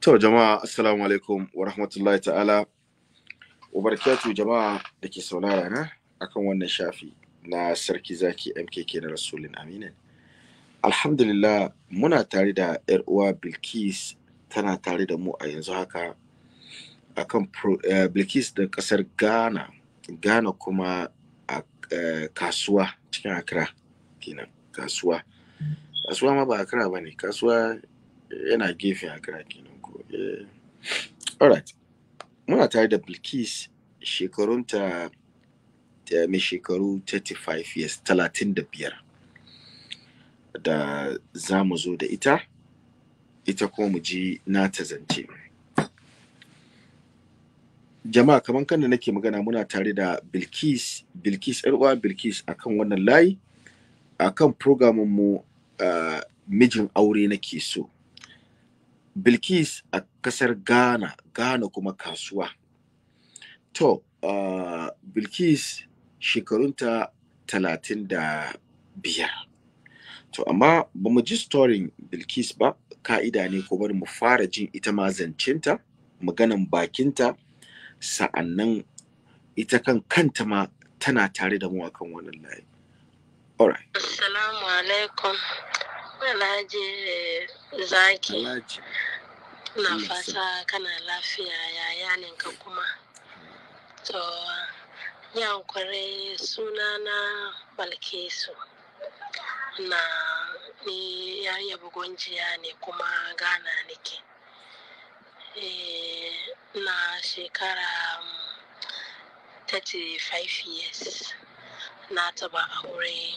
To jama'a assalamu alaikum wa rahmatullahi ta'ala wa jama'a da ke saurara na akan wannan shafi na sarki zaki MKK na Rasulun Aminin. Alhamdulillah muna tare da yar uwa Bilkis tana tare da mu a yanzu haka akan eh, Bilkis da kasar Ghana, Ghana kuma a eh, kasuwa cikin akira kenan kasuwa. Kasuwa ma ba ba ne, kasuwa yana gefen akira kenan. Eh, alright. Muna tare da Bilkis shekarunta ta eh, mai shekaru 35 years 35 da za mu zo da ita ita kuma mu ji na ta zance jama'a kamar kan da nake magana muna tare da bilkis bilkis uwa bilkis akan wannan layi akan programin mu uh, mijin aure nake so Bilkis a kasar Ghana, Ghana kuma kasuwa. To, uh, Bilkis shekarunta talatin da biyar. To, amma ba mu ji storin Bilkis ba, ka'ida ne ko bari mu fara jin ita ma zancinta, maganan bakinta, sa'annan ita kan kanta ma tana tare da mu akan wannan layi. Alright. Assalamu alaikum. Alhaji Zaki. Alhaji. Na fata kana lafiya yayaninka kuma. To, yan kwarai sunana Balkisu. Na ni yaya bugunjiya ne kuma gana nake. E, na shekara 35 um, years na taba aure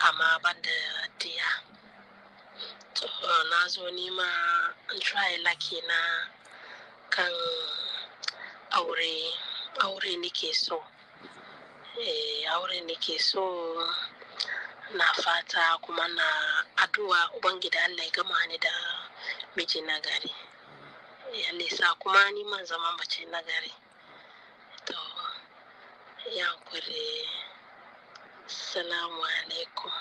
amma ban da diya. to na zo nima try laki na kan aure aure nake so e, aure nake so na fata kuma na addu'a ubangida allah ya gama ni da miji nagari, gari ya nisa kuma ni zama mace na gari to salamu alaikum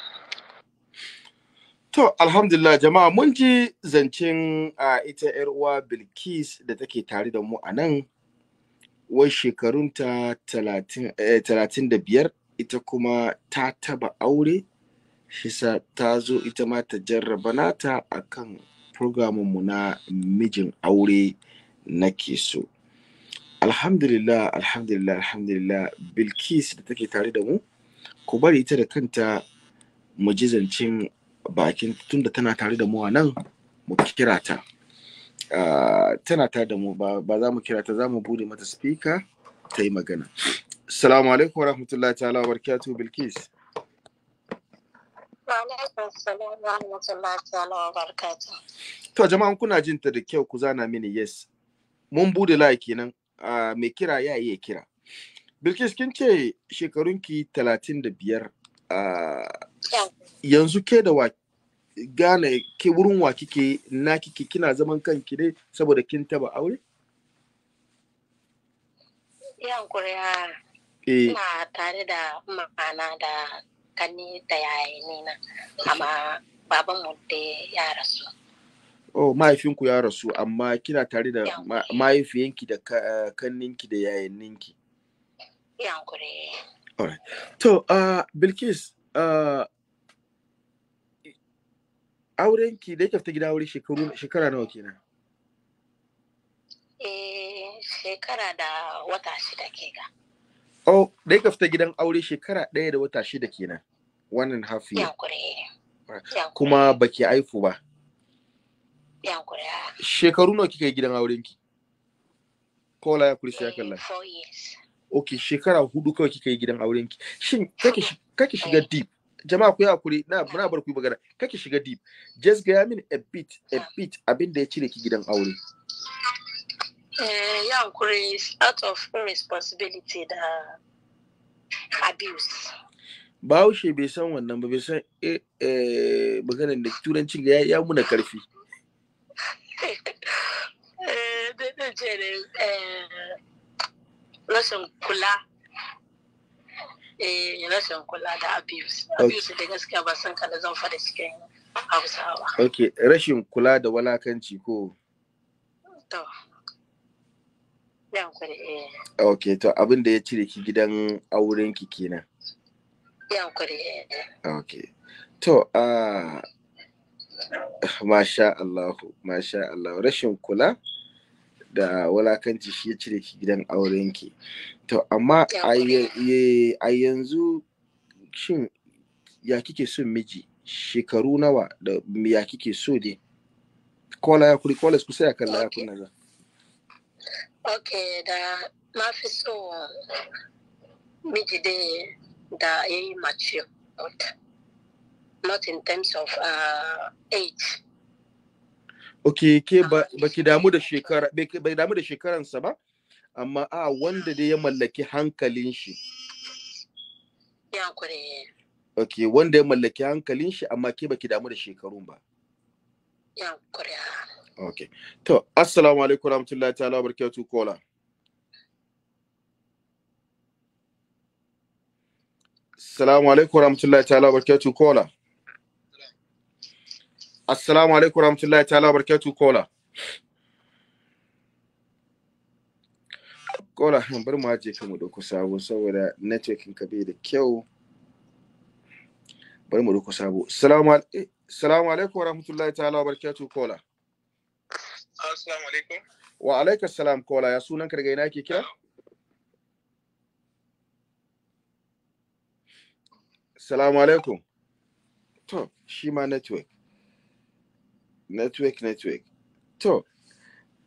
To, alhamdulillah jama'a mun ji zancen a ita ‘yar uwa Bilkis da take tare da mu a nan, wai shekarunta talatin eh, da biyar, ita kuma ta taba aure, shisa ta zo ita ma ta jarraba nata a kan mu na mijin aure ke so. Alhamdulillah, alhamdulillah, alhamdulillah, Bilkis da take tare da mu, ku bari ita da kanta mu ji zancen bakin tunda tana tare da mu a nan mu kira ta ah, tana tare da mu ba za mu kira ta za mu bude mata speaker ta yi magana salamu alaikum wa rahmatullahi ta'ala wa barakatuhu bilkis To jama'an kuna jin ta da kyau ku zana mini yes. Mun bude layi kenan ah, mai kira ya iya kira. Bilkis kin ce shekarunki talatin da biyar ah, yanzu ke da wa gane ke wurin wa kike na kike kina zaman kanki ne saboda kin taba aure yankuriya eh. ina tare da ma'ana da kani da yayi na amma baban mu da ya rasu oh mahaifinku ya rasu amma kina tare da mahaifiyanki da kanninki da yayanninki yankuriya alright to uh, bilkis Uh, auren ki da yake fita gida aure shekaru shekara nawa kenan eh shekara da wata shida ke ga oh da yake fita gidan aure shekara ɗaya da wata shida kenan wannan hafi kuma baki aifu ba ah. shekaru nawa kika yi gidan aurenki kola ya kursi ya eh, kalla 4 years okay shekara hudu kawai kika yi gidan auren ki shin kake kake shiga deep jama'a ku y'a hakuri na muna bar ku magana kake shiga deep just ga min a bit a bit abin da ya cire ki gidan aure eh ya kure out of responsibility da abuse Bahaushe bai san wannan ba bai san eh, eh, maganar da turanci ga ya muna karfi. Eh, rashin kula eh, rashin kula da abuse abuse da gaskiya ba san kada zan fada cikin hausawa ok rashin kula da walakanci ko to yankuri eh Ok, to abin da ya cire ki gidan auren ki kenan yankuri eh okay to a masha Allah masha Allah rashin kula da wulakanci shi ya cire ki gidan ki to amma a yanzu shin ya kike son miji shekaru nawa da ya kike so dai kola ya kuri kola kusa ya kalla ya kunna za ok da mafi so miji dai da ya yi mature not in terms of uh, age ok ke ah. ba ki damu da shekara bai damu da shekaransa ba amma a wanda dai ya mallaki hankalin shi Ya kure. ok wanda ya mallaki hankalin shi amma ke ba ki damu da shekarun ba Ya kure. ok to assalamu alaikum rahmatullahi ta'ala wa barakatuh kola assalamu alaikum rahmatullahi ta'ala wa barakatuh kola assalamu alaikum rahmatullahi ta'ala barkatu kola kola bari mu aje ka mu dauko sabo saboda networking ka bai da kyau bari mu dauko sabo assalamu eh, alaikum rahmatullahi ta'ala barkatu kola assalamu alaikum wa alaikum salam kola ya sunan ka daga ina ke kira assalamu alaikum to shi ma network network network تو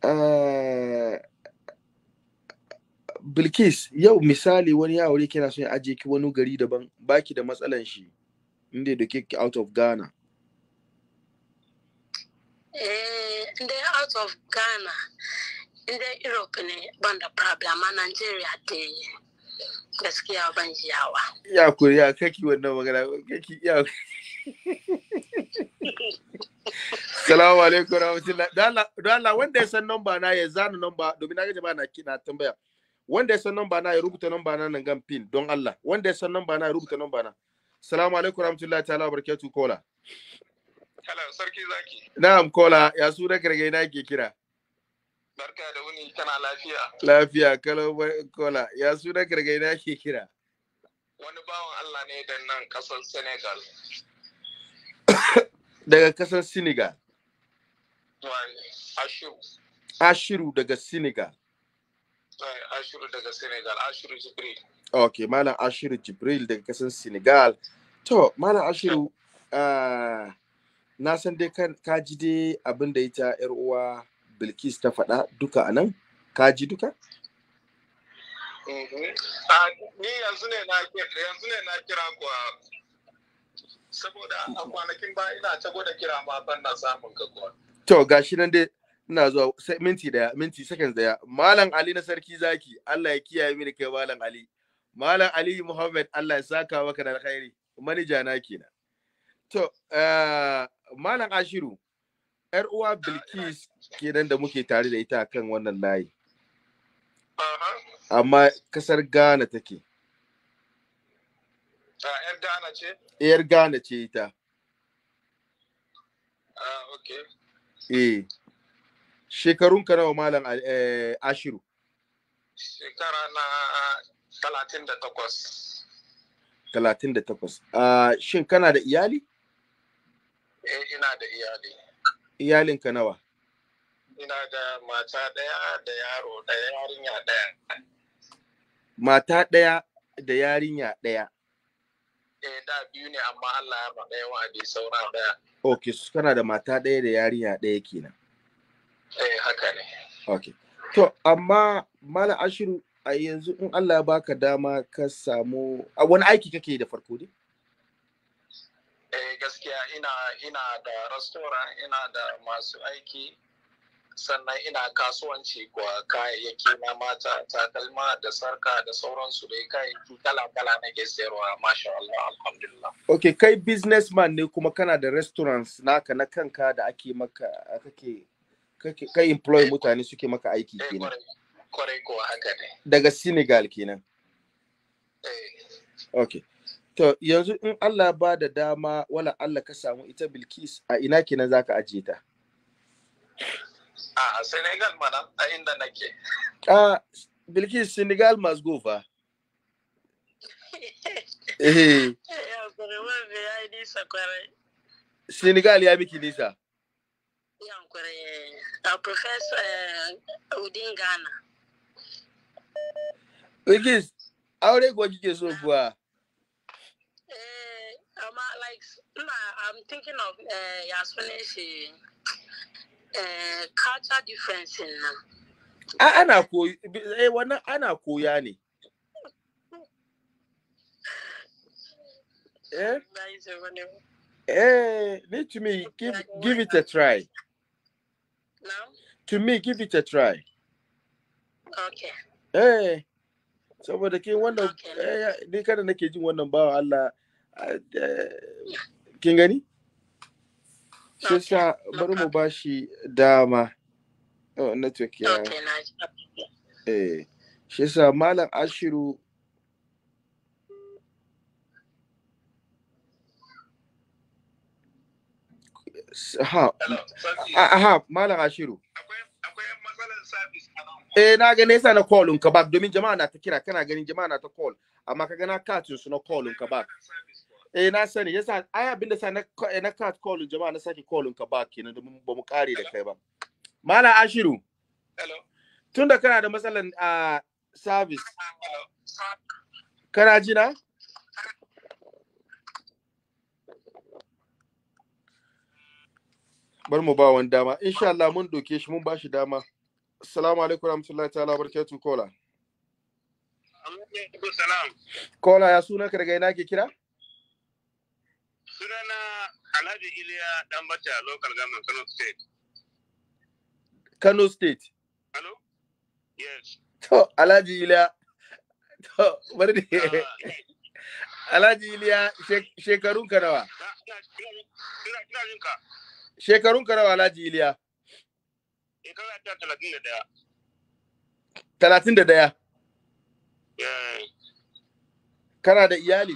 eh, bilkis yau misali wani ya aure kina son ya aje wani gari daban baki da matsalan shi inda ke out of ghana eh out of ghana inda europe ne ban problem a nigeria gaskiya ban jiyawa ya kuri ya kaki wannan magana kaki ya Salamu alaikum rahmatullahi. Da Allah wanda ya san namba na ya zana namba domin na ga jama'a na kina tambaya. Wanda ya san namba na ya rubuta namba na nan gan pin don Allah. Wanda ya san namba na ya rubuta namba na. Salamu alaikum rahmatullahi ta'ala barakatuh kola. Hello sarki zaki. Na'am kola ya su da kirgai na ke kira. Barka da wuni kana lafiya. Lafiya kala kola ya su da kirgai na ke kira. Wani bawan Allah ne da nan kasar Senegal. Daga kasar Senegal. Ashiru. Ashiru daga Senegal. Ashiru daga Senegal, Ashiru Jibril. Ok, Malam Ashiru Jibril daga kasar Senegal. To, Malam Ashiru, ah, na san dai ka ji dai abin da ita 'yar uwa Bilkis ta faɗa duka a nan? Ka ji duka? Mhm. Ah, ni yanzu ne na kira kuwa saboda a kwanakin ba ina ta gwada kira ma ban na samun ka to nan dai ina zuwa minti daya minti second daya malam ali na sarki zaki Allah ya kiyaye mini kai malam ali malam ali muhammad Allah ya saka maka da alkhairi manija na kenan to eh, malam ashiru yar uwa bilkis kenan da muke tare da ita kan wannan layi amma kasar ghana take 'yar ah, Ghana ce? 'Yar Ghana ce ita. Ah, ok. Eh. Shekarun ka nawa malam eh, Ashiru? Shekara na talatin da takwas. Talatin da takwas. Ah, shin kana da iyali? Eh, ina da iyali. Iyalin ka nawa? Ina da mata ɗaya da yaro ɗaya yarinya ɗaya. Mata ɗaya da yarinya ɗaya. ɗaya da biyu ne amma Allah ya faɗa yawan a saura ɗaya. Ok, su kana da mata ɗaya da yarinya ɗaya kenan. Eh haka ne. Ok. To, amma Malam Ashiru a yanzu in Allah ya baka dama ka samu a wani aiki kake da farko ne? Eh gaskiya ina ina da rastora ina da masu aiki sannan ina kasuwanci kwa kayayyaki na mata takalma da sarka da sauransu da kayayyaki kala-kala na ke sayarwa masha Allah alhamdulillah. Ok, kai businessman ne kuma kana da restaurants naka na kanka da ake maka kake kai employ eh, mutane suke maka aiki eh, kenan. Kwarai ko haka ne. Daga Senegal kenan. Eh. Ok. To yanzu in Allah ba da dama wala Allah ka samu ita Bilkis a ina kenan zaka ajiye ta? a ah, Senegal mana a inda nake a ah, Bilkis Senegal must go fa eh Senegal ya biki nisa eh, a professor Udin eh, Ghana Bilkis aure kuwa kike so ah. kuwa eh amma like ina I'm thinking of uh, ya sunan Eh, culture difference a eh, ana koya ne eh? to me give it a try to me give it a try okay eh saboda kin wannan eh ni kada nake jin wannan bawa Allah ah, kin gani shi sa bari mu bashi dama na oh, network ya eh, shi sa malam ashiru ha ah, ah, malam ashiru eh na ga nesa na callin ka back domin jama'a na ta kira kana ganin jama'a na ta call amma ka gana katin su na callin ka back eh na sani yasa ai abin da sa na eh, na cat call jama'a na saki call ka ba kenan domin ba mu kare da kai ba mala ashiru hello tunda kana da matsalan a ah, service kana ji na bar mu ba wani dama insha Allah mun doke shi mun ba shi dama assalamu alaikum warahmatullahi ta'ala barakatuh kola kola ya sunan ka daga ina ke kira sunana Alhaji Iliya Danbata local government Kano State. Kano State. Hello? Yes. To, Alhaji Iliya. To, bari da ah, eh. Alhaji Iliya shekarun ka nawa? Shekarun ka nawa Alhaji Iliya? Shekara ta 31. 31. daya. Eh. Kana da iyali?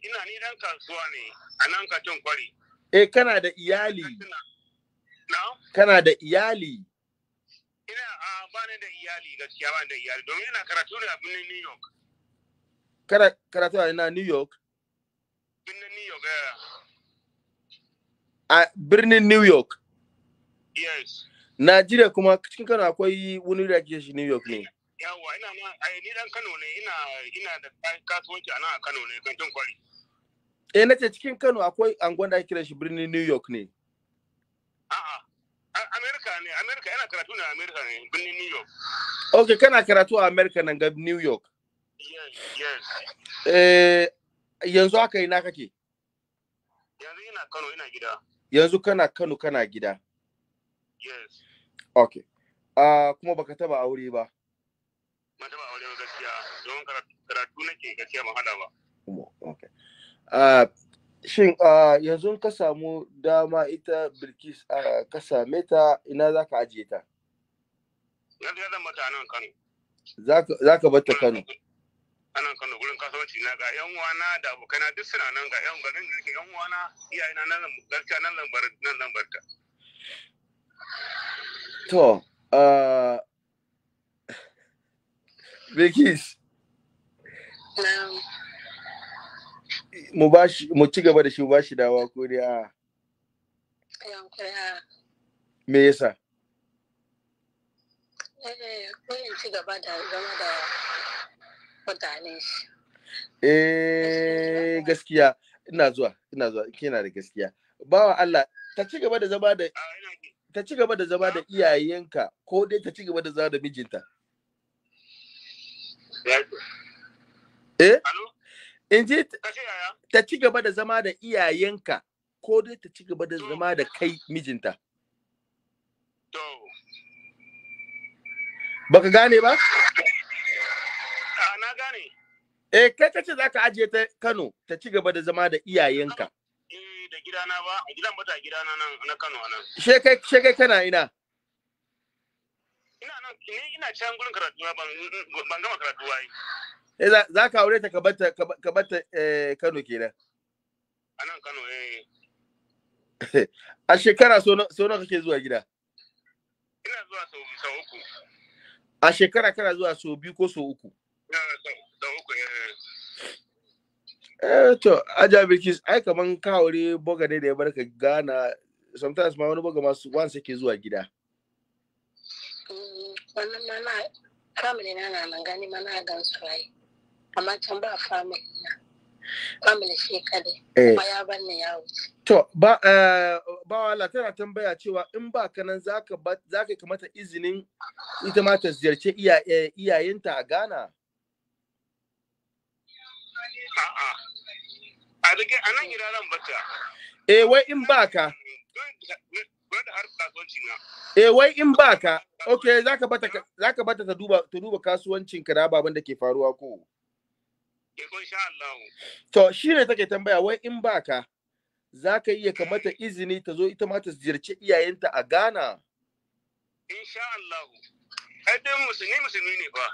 ina ni dan kasuwa ne a nan katin kwari. Eh kana da iyali. Kana da iyali. Ina a ba da iyali gaskiya ba da iyali domin ina karatu ne a birnin New York. Kana karatu a ina New York? Birnin New York A birnin New York. Yes. Najeriya kuma cikin Kano akwai wani da ake shi New York ne. Yawa, ina ma ni dan Kano ne ina ina da kasuwanci a nan a Kano ne tun kwari. eh nace cikin Kano akwai angon da ake kira shi birnin New York ne a'a America ne Amerika yana karatu ne America ne birnin New York okay kana karatu a America nan ga New York yes yes eh yanzu haka ina kake yanzu ina Kano ina gida yanzu kana Kano kana gida yes okay uh, kuma baka taba aure ba ban taba aure ba gaskiya don karatu nake gaskiya ba hada ba okay shin yanzu ka samu dama ita bilkis ka same ta ina za ka ajiye ta gaskiya zan bata nan kano za ka bata kano a nan kano gurin kasuwanci na ga yan wana da abokaina duk suna nan ga yan garin da nake yan wana iyayena nan gaskiya nan lambar nan lambar ta to bilkis mu ci gaba da shi ba shi dawa ko dai a me yasa eh, ci gaba da zama da mutane shi eh gaskiya ina zuwa ina zuwa kina da gaskiya bawa Allah ta ci gaba da zama da ta ci gaba da zama da iyayenka ko dai ta ci gaba da zama da mijinta eh Hello? in ji ta ci gaba da zama da iyayenka ko dai ta ci gaba da zama da kai mijinta baka gane ba na gane eh kai ce za ka ajiye ta Kano ta ci gaba da zama da iyayenka eh da gidana ba gidan ba ta gidana nan na Kano nan she kana ina ina nan ina can gurin karatu ban gama karatu wai Eh, za ka aure ta ka bata ka bata eh, Kano kenan a nan Kano eh a shekara so nawa kake zuwa gida ina zuwa sau so uku a shekara kana zuwa sau biyu ko sau uku ina sau uku eh Eh, to, Aja Bilkis, ai kaman ka aure boga ne da ya barka gana sometimes ma wani boga masu wani sake zuwa gida. Mm, wannan mana na, family na nan gani mana na gan su ai. amma can ba family family shi kadai eh. kuma ya bar ni ya wuce to ba eh, ba wala tana tambaya cewa in ba ka nan zaka zaka kamata izinin ita ma ta ziyarci eh, iyayenta a Ghana a'a a rage a nan iraran bata eh wai in ba ka Eh wai in ba ka, ok, zaka bata ta duba kasuwancin ka da ababen da ke faruwa ko. To shi ne take tambaya wai in baka za ka iya kamata izini ta zo ita ma ta ziyarci iyayenta a Ghana. Insha Allah. Haɗin musulmi musulmi ne ba.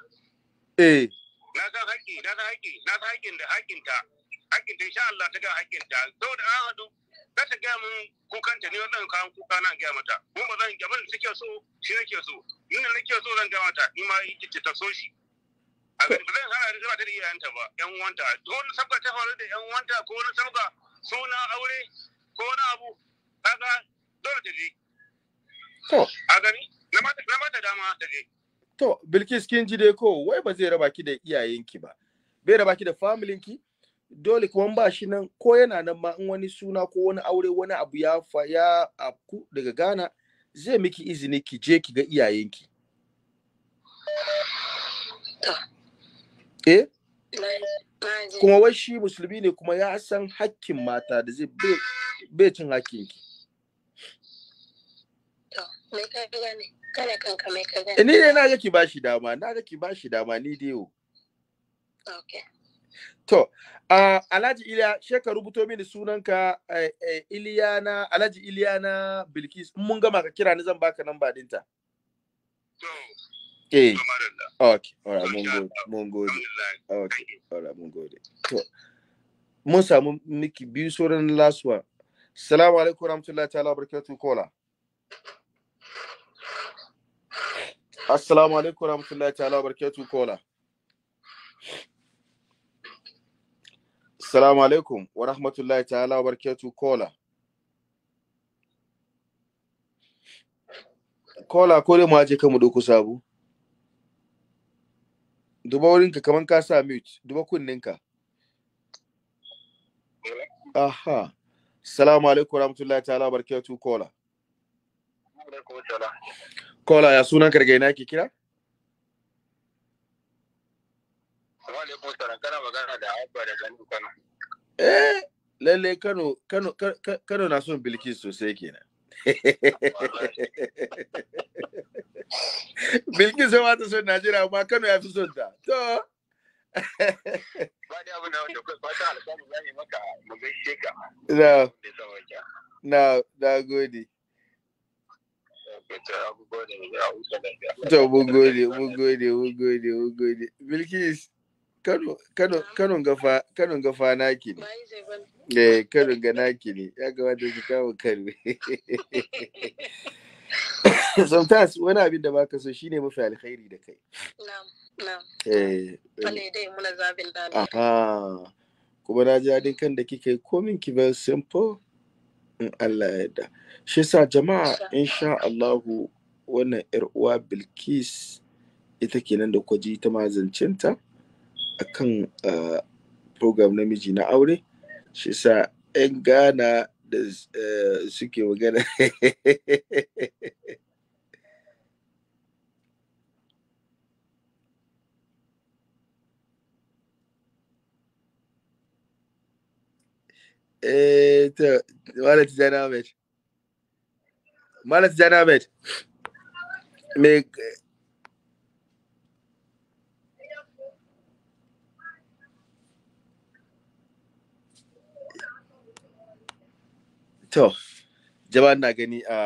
Eh. Na san haƙi, na ga haƙi, na ga haƙƙin da haƙƙinta. Haƙƙinta insha Allah ta ga sau da an haɗu za ta gaya min kukanta ne wannan kawo kuka na gaya mata. Mun ba zan abin da suke so shi nake so. Ni ne nake so zan gaya mata. Ni ma ita ta so shi. zan hana ni zuwa da iyayenta ba yan wanta ko wani sabga ta faru da yan wanta ko wani sabga suna aure ko wani abu kaga dole ta je to a gani na mata dama ta je to bilkis kin ji dai ko wai ba zai raba ki da iyayenki ba bai raba ki da familin ki dole kuma ba shi nan ko yana nan ma in wani suna ko wani aure wani abu ya fa ya afku daga Ghana zai miki izini ki je ki ga iyayenki. eh kuma wai shi musulmi ne kuma ya san hakkin mata da zai bai cin hakkin ki eh, ni ne na ga ki bashi dama na ga ki bashi dama ni dai yau To, Alhaji Iliya, she ka rubuto mini sunanka eh, eh, Iliyana, Alhaji Iliyana Bilkis, mun gama ka kira ni zan baka ba dinta. eh okay All right. Mungo. Mungo. gode okay alright mun gode to mun samu miki biyu the last one assalamu alaikum warahmatullahi ta'ala barakatuh kola assalamu alaikum warahmatullahi ta'ala barakatuh kola Assalamu alaikum wa ta'ala wa barakatuh kola. Kola ko mu aje kanmu doko sabu? duba wurinka kamar ka sa mute duba kunninka aha salamu alaikum rahmatullahi ta'ala barkatu kola kola ya sunan karge na ke kira eh lalle kano kano kano na son bilkis sosai kenan bilkis sama ta son Najeriya amma Kano ya fi son ta. To. Ba da abu na wanda ba ta alƙalu za yi maka mu gaishe ka. Na. Na, na gode. To, mun gode, mun gode, mun gode, mun gode. Bilkis. Kano Kano Kano gafa Kano gafa naki ne. Eh Kano ga naki ne. Ya kamata ki kawo Kano. Sometimes wani abin da baka so shine mafi alkhairi da kai. Na'am. Na'am. Eh. eh. Kuma na ji daɗin kan da kika yi komin ki very simple in Allah ya yarda. Shi sa jama'a insha Allahu wannan 'yar uwa Bilkis ita kenan da kwaji ta mazancinta akan uh, program namiji na aure shi sa 'yan ghana da uh, suke magana Eh, to, Malam Tijjani Ahmed. Make. To, jama'a na gani a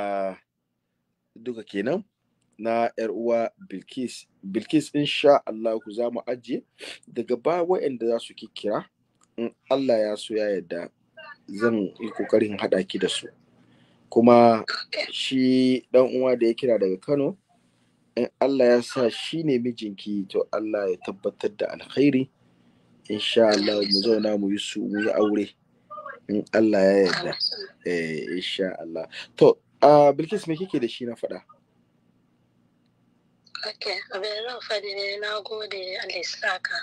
duka kenan na ‘yar uwa Bilkis. Bilkis insha Allah ku za mu ajiye daga ba wa'anda za su kira in Allah ya so ya yarda zan yi kokarin haɗa ki da su. Kuma shi ɗan uwa da ya kira daga Kano in Allah ya sa shi ne mijinki to Allah ya tabbatar da alkhairi insha Allah mu zauna mu yi su mu yi aure. in Allah ya yarda eh insha Allah to uh, Bilkis me kike da shi na faɗa Okay, abin ran faɗi ne na gode Allah saka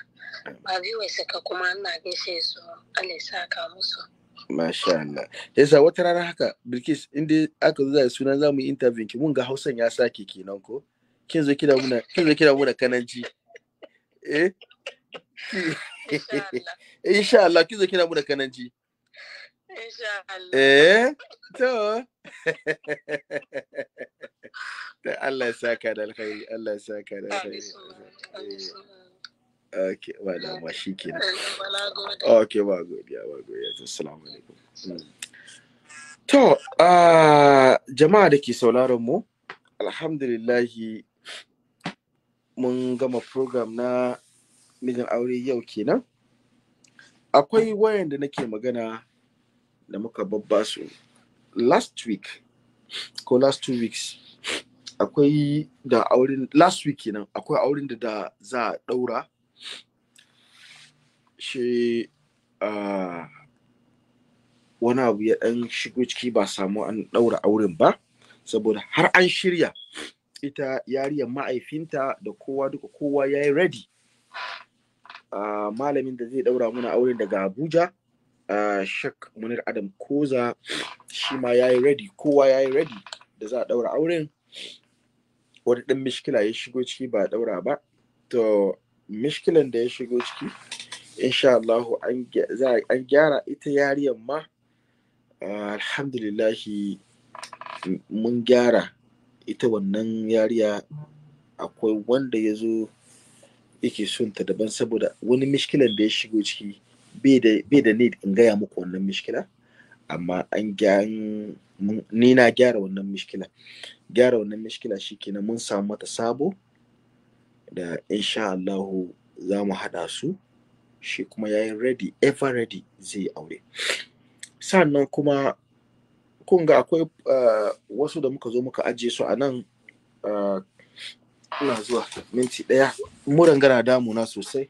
ba biyu saka kuma ina gaishe su Allah saka musu Masha Allah. Yasa wata rana haka Bilkis inda aka zo da sunan zamu yi interview ki mun ga Hausan ya sake kenan ko? Kin zo kira muna kin zo kira muna kananci. Eh? Insha Allah kin zo kira muna kananci. insha Allah. Eh, to. saka da alkhairi, Allah saka da alkhairi. Okay, wala ma shi kenan. Okay, ba godiya, ba godiya. Assalamu alaikum. Mm. To, ah, jama'a da ke sauraron mu, alhamdulillahi mun gama program na mijin aure yau kenan. Akwai wayan da nake magana da muka babba su last week ko last two weeks akwai da auren last week kenan akwai auren da da za a daura shi wani abu ya dan shigo ciki ba samu an daura auren ba saboda har an shirya ita yariyar ma'aifinta da kowa duka kowa ya yi ready malamin da zai daura mana auren daga abuja A shak munir adam koza shi ma ya yi ready kowa ya yi ready da za a daura auren wani ɗan mishkila ya shigo ciki ba a daura ba to mishkilan da ya shigo ciki insha Allahu an gyara ita yariyar ma alhamdulillahi mun gyara ita wannan yariya akwai wanda ya zo yake sunta daban saboda wani mishkilan da ya shigo ciki bai da need in gaya muku wannan mishkila amma an ni na gyara wannan mishkila gyara wannan mishkila shikenan mun samu mata sabo da insha Allahu za mu haɗa su shi kuma ya yi ready ever ready zai yi aure sannan kuma kun ga akwai eh, wasu da muka zo muka ajiye su a nan eh, ina zuwa minti ɗaya muran gana damuna sosai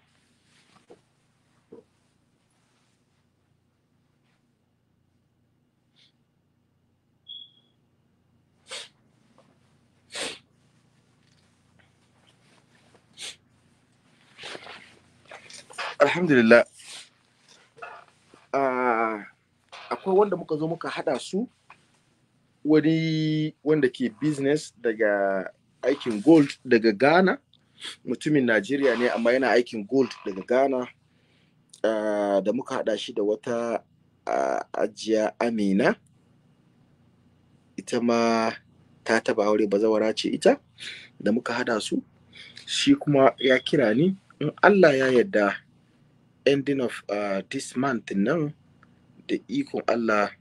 alhamdulillah ah, akwai wanda muka zo muka hada su wani wanda ke business daga aikin gold daga ghana mutumin najeriya ne amma yana aikin gold daga ghana ah, da muka hada shi da wata ah, ajiya amina ita ma ta taba aure bazawara ce ita da muka hada su shi kuma ya kira ni in allah ya yarda ending of uh, this month nan da ikon Allah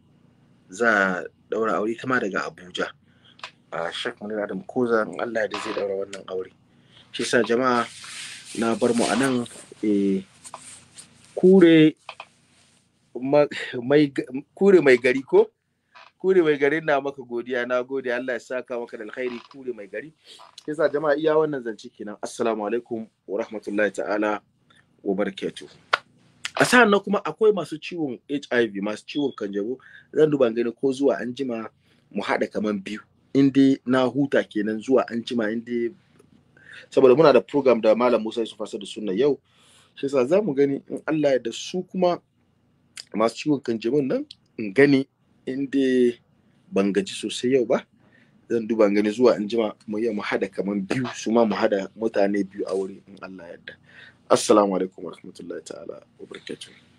za a daura aure ta ma daga Abuja. A Sheikh Munir Adam Koza in Allah da zai daura wannan aure. Shi sa jama'a na bar mu a nan eh, kure kure mai gari ko? kure mai gari na maka godiya na gode Allah ya saka maka da alkhairi kure mai gari sa jama'a iya wannan zance kenan assalamu alaikum wa rahmatullahi ta'ala wa barakatuh a sa'an nan kuma akwai masu ciwon hiv masu ciwon kanjabo zan duba gani ko zuwa an jima mu haɗa kaman biyu inda na huta kenan zuwa an jima inda saboda muna da program da malam musa yusuf fasa da sunna yau shi sa za mu gani in allah ya da su kuma masu ciwon kanjabon nan in gani inda ban gaji sosai yau ba zan duba gani zuwa anjima jima mu yi mu haɗa kaman biyu su ma mu haɗa mutane biyu a wuri in Allah yadda assalamu alaikum warahmatullahi ta'ala wa barakatuh